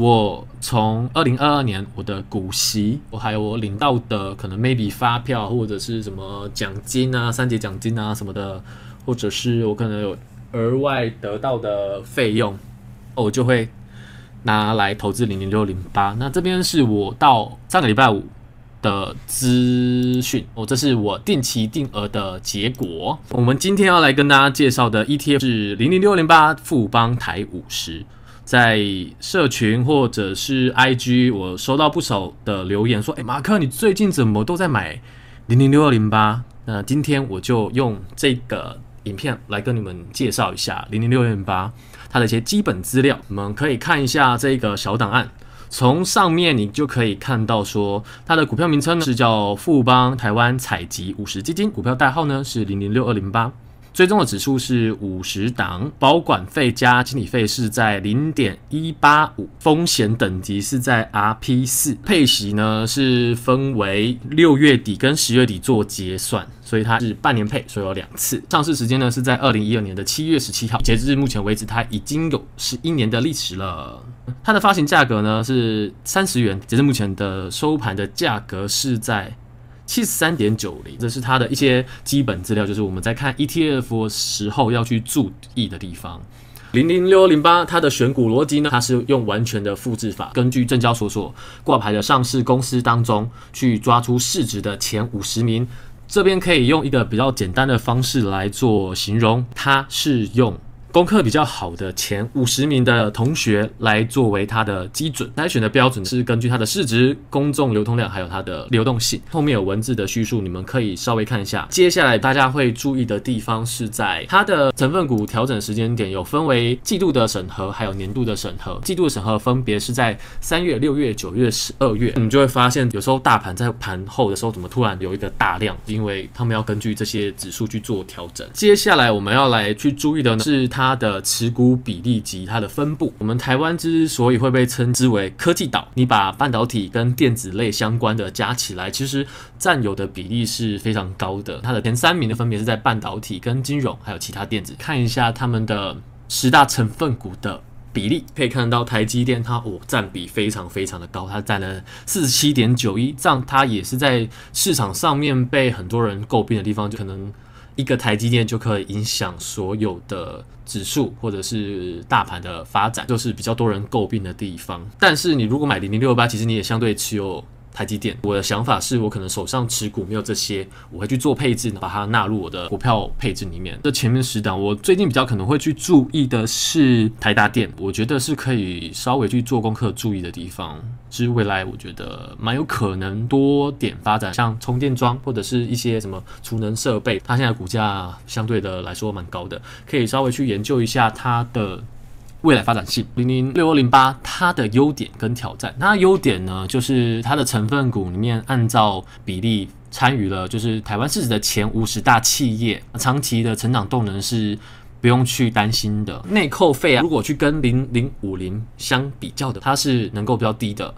我從二零二二年我的股息，我還有我領到的可能 maybe 發票或者是什麼獎金啊，三節獎金啊什麼的，或者是我可能有額外得到的費用，我就會拿來投資零零六二零八。那這邊是我到上個禮拜五的資訊，哦，這是我定期定額的結果。我們今天要來跟大家介紹的 ETF 是零零六二零八富邦台五十。在社群或者是 IG，我收到不少的留言說：“哎、欸，馬克，你最近怎麼都在買零零六二零八？”那今天我就用這個影片來跟你們介紹一下零零六二零八它的一些基本資料。我們可以看一下這個小檔案，從上面你就可以看到說它的股票名稱呢是叫富邦台灣采吉五十基金，股票代號呢是零零六二零八。最終的指數是五十檔，保管費加經理費是在零點一八五，風險等級是在 RR 四，配息呢是分為六月底跟十月底做結算，所以它是半年配，所以有兩次。上市時間呢是在二零一二年的七月十七號，截至目前為止，它已經有十一年的歷史了。它的發行價格呢是三十元，截至目前的收盤的價格是在。七十三點九零，90，這是它的一些基本資料，就是我們在看 ETF 時候要去注意的地方。零零六二零八，它的選股邏輯呢，它是用完全的複製法，根據證交所所掛牌的上市公司當中去抓出市值的前五十名。這邊可以用一個比較簡單的方式來做形容，它是用。功課比較好的前五十名的同學來作為它的基準，篩選的標準是根據它的市值、公眾流通量還有它的流動性。後面有文字的敘述，你們可以稍微看一下。接下來大家會注意的地方是在它的成分股調整時間點，有分為季度的審核還有年度的審核。季度審核分別是在三月、六月、九月、十二月。你們就會發現有時候大盤在盤後的時候怎麼突然有一個大量，因為他們要根據這些指數去做調整。接下來我們要來去注意的呢是它。它的持股比例及它的分布，我們台灣之所以會被稱之為科技島，你把半導體跟電子類相關的加起來，其實佔有的比例是非常高的。它的前三名的分別是在半導體、跟金融，還有其他電子。看一下他們的十大成分股的比例，可以看到台積電它哦，佔比非常非常的高，它佔了四十七點九一，這樣它也是在市場上面被很多人詬病的地方，就可能。一個台積電就可以影響所有的指數或者是大盤的發展，就是比較多人詬病的地方。但是你如果買零零六八，其實你也相對持有台積電，我的想法是我可能手上持股沒有這些，我會去做配置，把它納入我的股票配置裡面這前面十檔。我最近比較可能會去注意的是台達電，我覺得是可以稍微去做功課注意的地方。其實未來我覺得蠻有可能多點發展，像充電樁或者是一些什麼儲能設備，它現在股價相對的來說蠻高的，可以稍微去研究一下它的未來發展性，零零六二零八它的優點跟挑戰，那優點呢，就是它的成分股裡面按照比例參與了，就是台灣市值的前五十大企業，長期的成長動能是不用去擔心的。內扣費啊，如果去跟零零五零相比較的，它是能夠比較低的。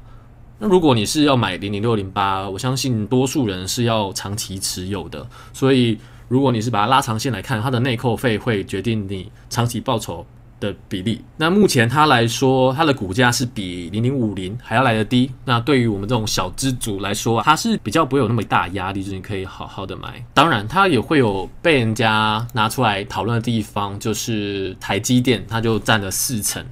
那如果你是要買零零六二零八，我相信多數人是要長期持有的，所以如果你是把它拉長線來看，它的內扣費會決定你長期報酬。的比例，那目前它來說，它的股價是比零零五零還要來得低。那對於我們這種小資族來說啊，它是比較不會有那麼大壓力，就是你可以好好的買。當然，它也會有被人家拿出來討論的地方，就是台積電，它就佔了四成，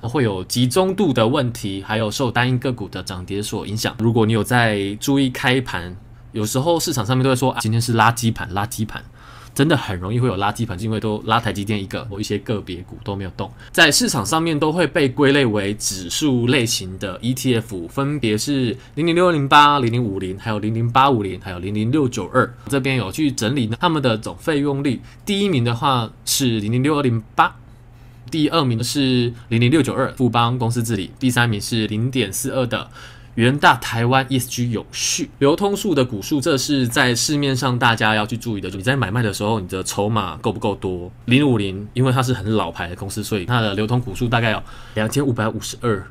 它會有集中度的問題，還有受單一個股的漲跌所影響。如果你有在注意開盤，有時候市場上面都會說啊，今天是垃圾盤，垃圾盤。真的很容易會有垃圾盤，因為都拉台積電一個，某一些個別股都沒有動，在市場上面都會被歸類為指數類型的 ETF，分別是零零六二零八、零零五零、還有零零八五零、還有零零六九二。這邊有去整理他們的總費用率，第一名的話是零零六二零八，第二名是零零六九二，富邦公司治理，第三名是零點四二的。元大台灣 ESG 有序流通數的股數，這是在市面上大家要去注意的。就你在買賣的時候，你的籌碼夠不夠多？零五零，因為它是很老牌的公司，所以它的流通股數大概有兩千五百五十二。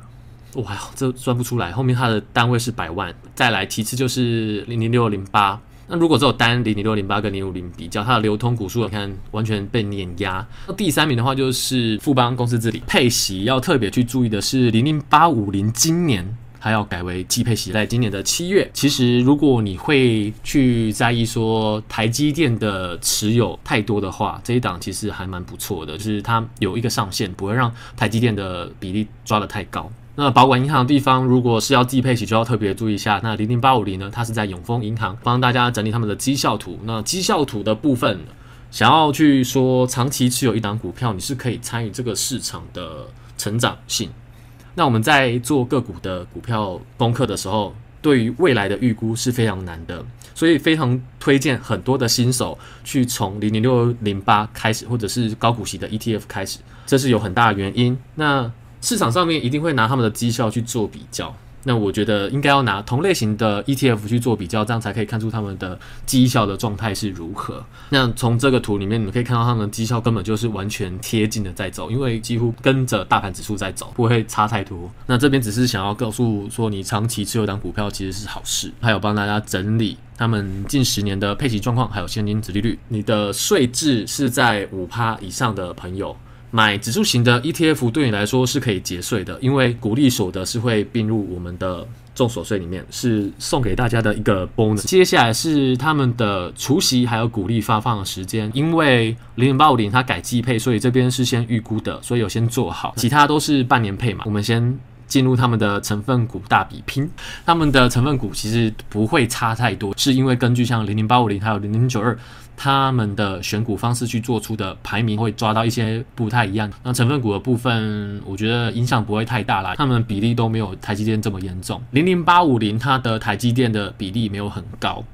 哇，這算不出來，後面它的單位是百萬。再來，其次就是零零六零八。那如果只有單零零六零八跟零五零比較，它的流通股數你看完全被碾壓。那第三名的話就是富邦公司治理配息，要特別去注意的是零零八五零，今年。它要改為季配息，在今年的七月。其實，如果你會去在意說台積電的持有太多的話，這一檔其實還蠻不錯的，就是它有一個上限，不會讓台積電的比例抓得太高。那保管銀行的地方，如果是要季配息，就要特別注意一下。那零零八五零呢？它是在永豐銀行幫大家整理他們的績效圖。那績效圖的部分，想要去說長期持有一檔股票，你是可以參與這個市場的成長性。那我們在做個股的股票功課的時候，對於未來的預估是非常難的，所以非常推薦很多的新手去從006208開始，或者是高股息的 ETF 開始，這是有很大的原因。那市場上面一定會拿他們的績效去做比較。那我覺得應該要拿同類型的 ETF 去做比較，這樣才可以看出他們的績效的狀態是如何。那從這個圖裡面，你們可以看到他們的績效根本就是完全貼近的在走，因為幾乎跟着大盤指數在走，不會差太多。那這邊只是想要告訴說，你長期持有一檔股票其實是好事。還有幫大家整理他們近十年的配息狀況，還有現金殖利率。你的稅制是在五趴以上的朋友，買指數型的 ETF 對你來說是可以節稅的，因為股利所得是會併入我們的綜所稅裡面，是送給大家的一個 bonus。接下來是他們的除息還有股利發放的時間，因為00850它改季配，所以這邊是先預估的，所以有先做好，其他都是半年配嘛，我們先。進入他們的成分股大比拼，他們的成分股其實不會差太多，是因為根據像零零八五零還有零零九二，他們的選股方式去做出的排名會抓到一些不太一樣。那成分股的部分，我覺得影響不會太大啦，他們比例都沒有台積電這麼嚴重。零零八五零它的台積電的比例沒有很高。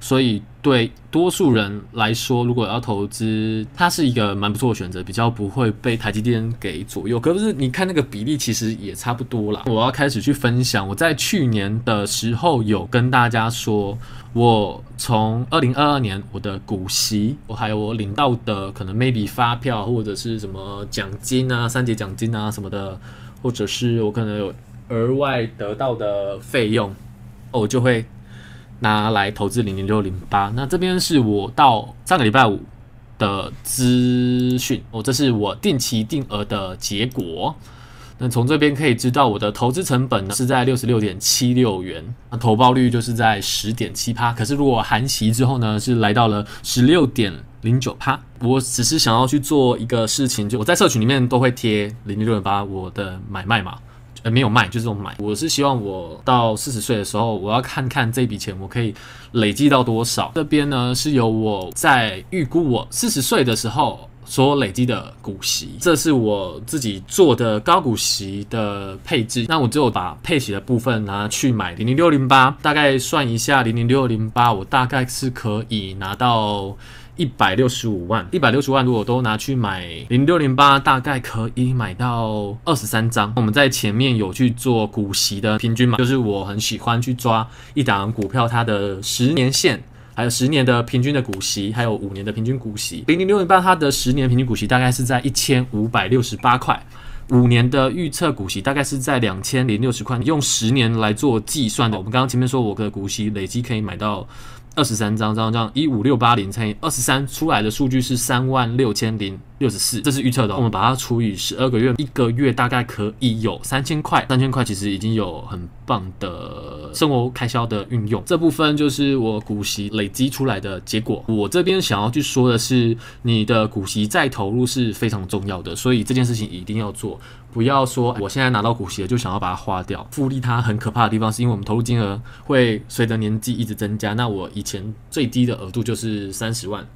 所以對多數人來說，如果要投資，它是一個蠻不錯的選擇，比較不會被台積電給左右。可不是，你看那個比例其實也差不多啦。我要開始去分享，我在去年的時候有跟大家說，我從二零二二年我的股息，我還有我領到的可能 maybe 發票或者是什麼獎金啊，三節獎金啊什麼的，或者是我可能有額外得到的費用，我就會。拿來投資零零六零八，那這邊是我到上個禮拜五的資訊，哦，這是我定期定額的結果。那從這邊可以知道，我的投資成本呢是在六十六點七六元，那投報率就是在十點七趴。可是如果含息之後呢，是來到了十六點零九趴。我只是想要去做一個事情，就我在社群裡面都會貼零零六零八我的買賣嘛。呃，沒有賣，就是這種買。我是希望我到四十歲的時候，我要看看這筆錢我可以累積到多少。這邊呢，是由我在預估我四十歲的時候所累積的股息，這是我自己做的高股息的配置。那我只有把配息的部分拿去買零零六二零八，大概算一下，零零六二零八，我大概是可以拿到。一百六十五萬，一百六十萬如果都拿去買零六零八，大概可以買到二十三張。我們在前面有去做股息的平均嘛，就是我很喜歡去抓一檔股票，它的十年線，還有十年的平均的股息，還有五年的平均股息。零零六零八它的十年平均股息大概是在一千五百六十八塊，五年的預測股息大概是在兩千零六十塊。用十年來做計算的，我們剛剛前面說我的股息累積可以買到。二十三張這，這樣這樣一五六八零乘以二十三出來的數據是三萬六千零六十四，這是預測的哦。我們把它除以十二個月，一個月大概可以有三千塊。三千塊其實已經有很棒的生活開銷的運用。這部分就是我股息累積出來的結果。我這邊想要去說的是，你的股息再投入是非常重要的，所以這件事情一定要做。不要說我現在拿到股息了，就想要把它花掉。複利它很可怕的地方是因為我們投入金額會隨着年紀一直增加。那我以前最低的額度就是三十萬。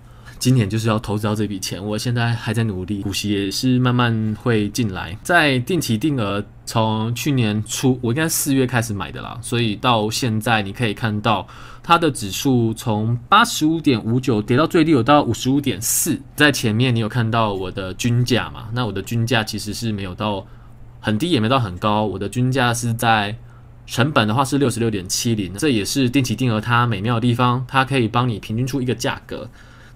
今年就是要投資到這筆錢，我現在還在努力，股息也是慢慢會進來。在定期定額，從去年初我應該四月開始買的啦，所以到現在你可以看到它的指數從八十五點五九跌到最低有到五十五點四。在前面你有看到我的均價嘛？那我的均價其實是沒有到很低，也沒到很高，我的均價是在成本的話是六十六點七零。這也是定期定額它美妙的地方，它可以幫你平均出一個價格。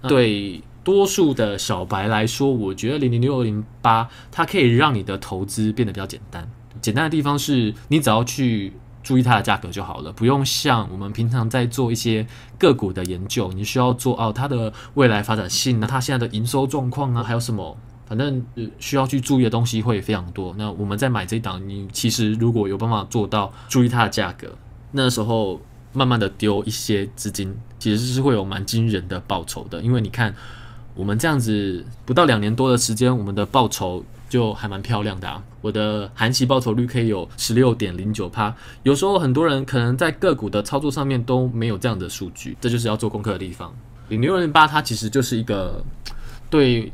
對多數的小白來說，我覺得零零六二零八，它可以讓你的投資變得比較簡單。簡單的地方是你只要去注意它的價格就好了，不用像我們平常在做一些個股的研究，你需要做哦它的未來發展性，那它現在的營收狀況啊，還有什麼，反正需要去注意的東西會非常多。那我們在買這一檔，你其實如果有辦法做到注意它的價格，那時候。慢慢的丟一些資金，其實是會有蠻驚人的報酬的，因為你看，我們這樣子不到兩年多的時間，我們的報酬就還蠻漂亮的啊。我的含息報酬率可以有十六點零九趴，有時候很多人可能在個股的操作上面都沒有這樣的數據，這就是要做功課的地方。零零六二零八它其實就是一個對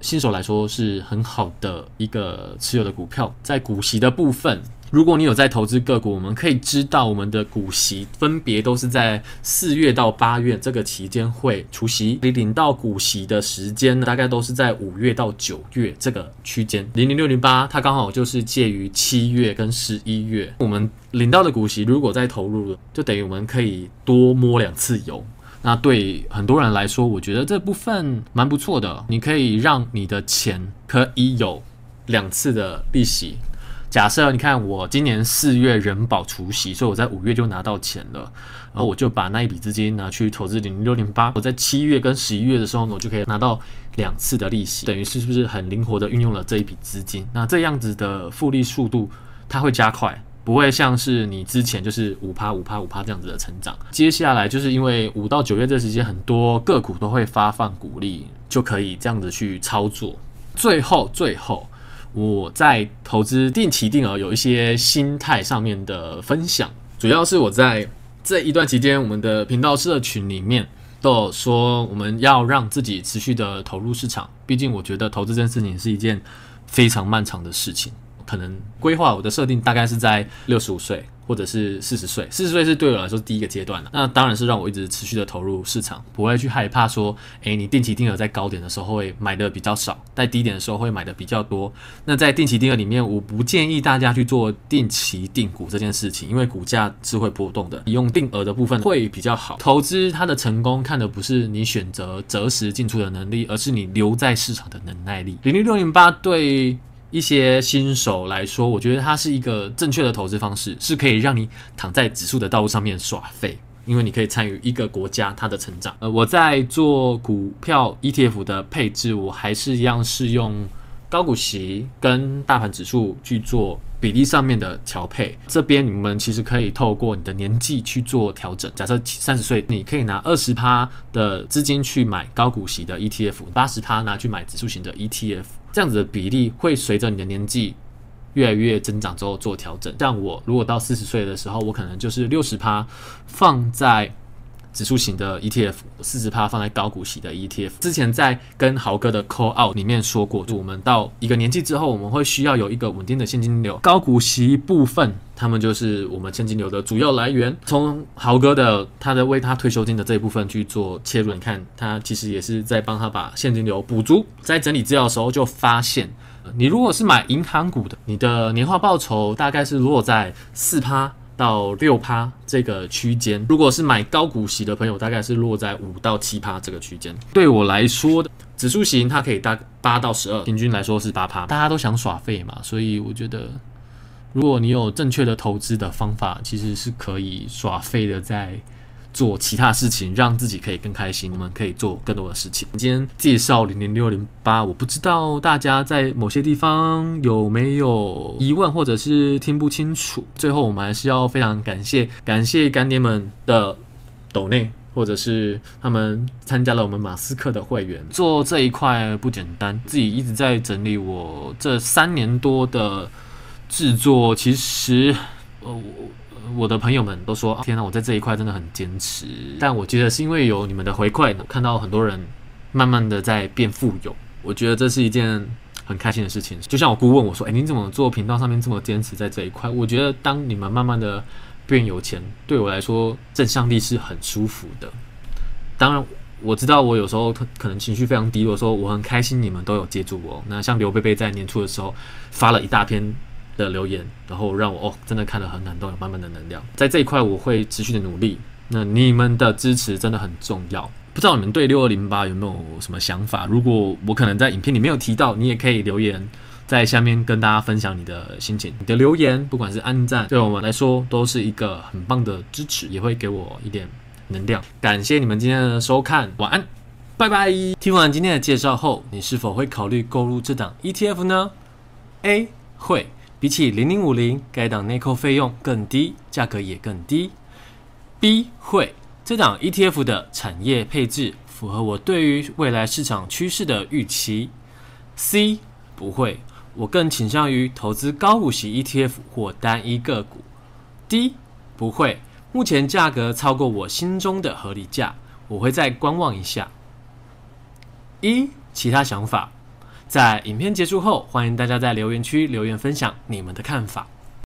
新手來說是很好的一個持有的股票，在股息的部分。如果你有在投資個股，我們可以知道我們的股息分別都是在四月到八月這個期間會除息，你領到股息的時間呢，大概都是在五月到九月這個區間。零零六二零八它剛好就是介於七月跟十一月，我們領到的股息如果再投入，就等於我們可以多摸兩次油。那對很多人來說，我覺得這部分蠻不錯的，你可以讓你的錢可以有兩次的利息。假設你看我今年四月人保除息，所以我在五月就拿到錢了，然後我就把那一筆資金拿去投資零六零八，我在七月跟十一月的時候，我就可以拿到兩次的利息，等於是不是很靈活的運用了這一筆資金？那這樣子的複利速度它會加快，不會像是你之前就是五趴五趴五趴這樣子的成長。接下來就是因為五到九月這時間很多個股都會發放股利，就可以這樣子去操作。最後，最後。我在投資定期定額有一些心態上面的分享，主要是我在這一段期間，我們的頻道社群裡面都有說，我們要讓自己持續的投入市場。畢竟，我覺得投資這件事情是一件非常漫長的事情。可能規劃我的設定大概是在六十五歲或者是四十歲，四十歲是對我來說第一個階段了，啊，那當然是讓我一直持續的投入市場，不會去害怕說，誒，你定期定額在高點的時候會買的比較少，在低點的時候會買的比較多。那在定期定額裡面，我不建議大家去做定期定股這件事情，因為股價是會波動的。你用定額的部分會比較好。投資它的成功看的不是你選擇擇時進出的能力，而是你留在市場的能耐力。006208對。一些新手來說，我覺得它是一個正確的投資方式，是可以讓你躺在指數的道路上面耍廢，因為你可以參與一個國家它的成長。呃，我在做股票 ETF 的配置，我還是一樣是用高股息跟大盤指數去做比例上面的調配。這邊你們其實可以透過你的年紀去做調整。假設三十歲，你可以拿二十趴的資金去買高股息的 ETF，八十趴拿去買指數型的 ETF。這樣子的比例會隨着你的年紀越來越增長之後做調整。像我如果到四十歲的時候，我可能就是六十趴放在，指數型的 ETF 四十趴放在高股息的 ETF，之前在跟豪哥的 Call Out 裡面說過，就我們到一個年紀之後，我們會需要有一個穩定的現金流。高股息部分，他們就是我們現金流的主要來源。從豪哥的他的為他退休金的這一部分去做切入，你看他其實也是在幫他把現金流補足。在整理資料的時候就發現，你如果是買銀行股的，你的年化報酬大概是落在四趴。到六趴這個區間，如果是買高股息的朋友，大概是落在五到七趴這個區間。對我來說，指數型它可以達八到十二，平均來說是八趴。大家都想耍廢嘛，所以我覺得，如果你有正確的投資的方法，其實是可以耍廢的在。做其他事情，讓自己可以更開心。我們可以做更多的事情。今天介紹零零六二零八，我不知道大家在某些地方有沒有疑問，或者是聽不清楚。最後，我們還是要非常感謝，感謝乾爹們的抖內，或者是他們參加了我們馬斯克的會員。做這一塊不簡單，自己一直在整理我這三年多的制作。其實，呃，我。我的朋友們都說：“天哪，我在這一塊真的很堅持。”但我覺得是因為有你們的回饋，我看到很多人慢慢的在變富有，我覺得這是一件很開心的事情。就像我姑問我說：“哎，你怎麼做頻道上面這麼堅持在這一塊？”我覺得當你們慢慢的變有錢，對我來說正向力是很舒服的。當然，我知道我有時候可，可能情緒非常低落，說我很開心你們都有接住我。那像劉貝貝在年初的時候發了一大篇。的留言，然後讓我哦，真的看了很感動，有滿滿的能量。在這一塊，我會持續的努力。那你們的支持真的很重要。不知道你們對6208有沒有什麼想法？如果我可能在影片裡沒有提到，你也可以留言在下面跟大家分享你的心情。你的留言，不管是按讚，對我們來說都是一個很棒的支持，也會給我一點能量。感謝你們今天的收看，晚安，拜拜。聽完今天的介紹後，你是否會考慮購入這檔 ETF 呢？A 會。比起零零五零，該檔內扣費用更低，價格也更低。B 會，這檔 ETF 的產業配置符合我對於未來市場趨勢的預期。C 不會，我更傾向於投資高股息 ETF 或單一個股。D 不會，目前價格超過我心中的合理價，我會再觀望一下。E，其他想法。在影片結束後，歡迎大家在留言區留言分享你們的看法。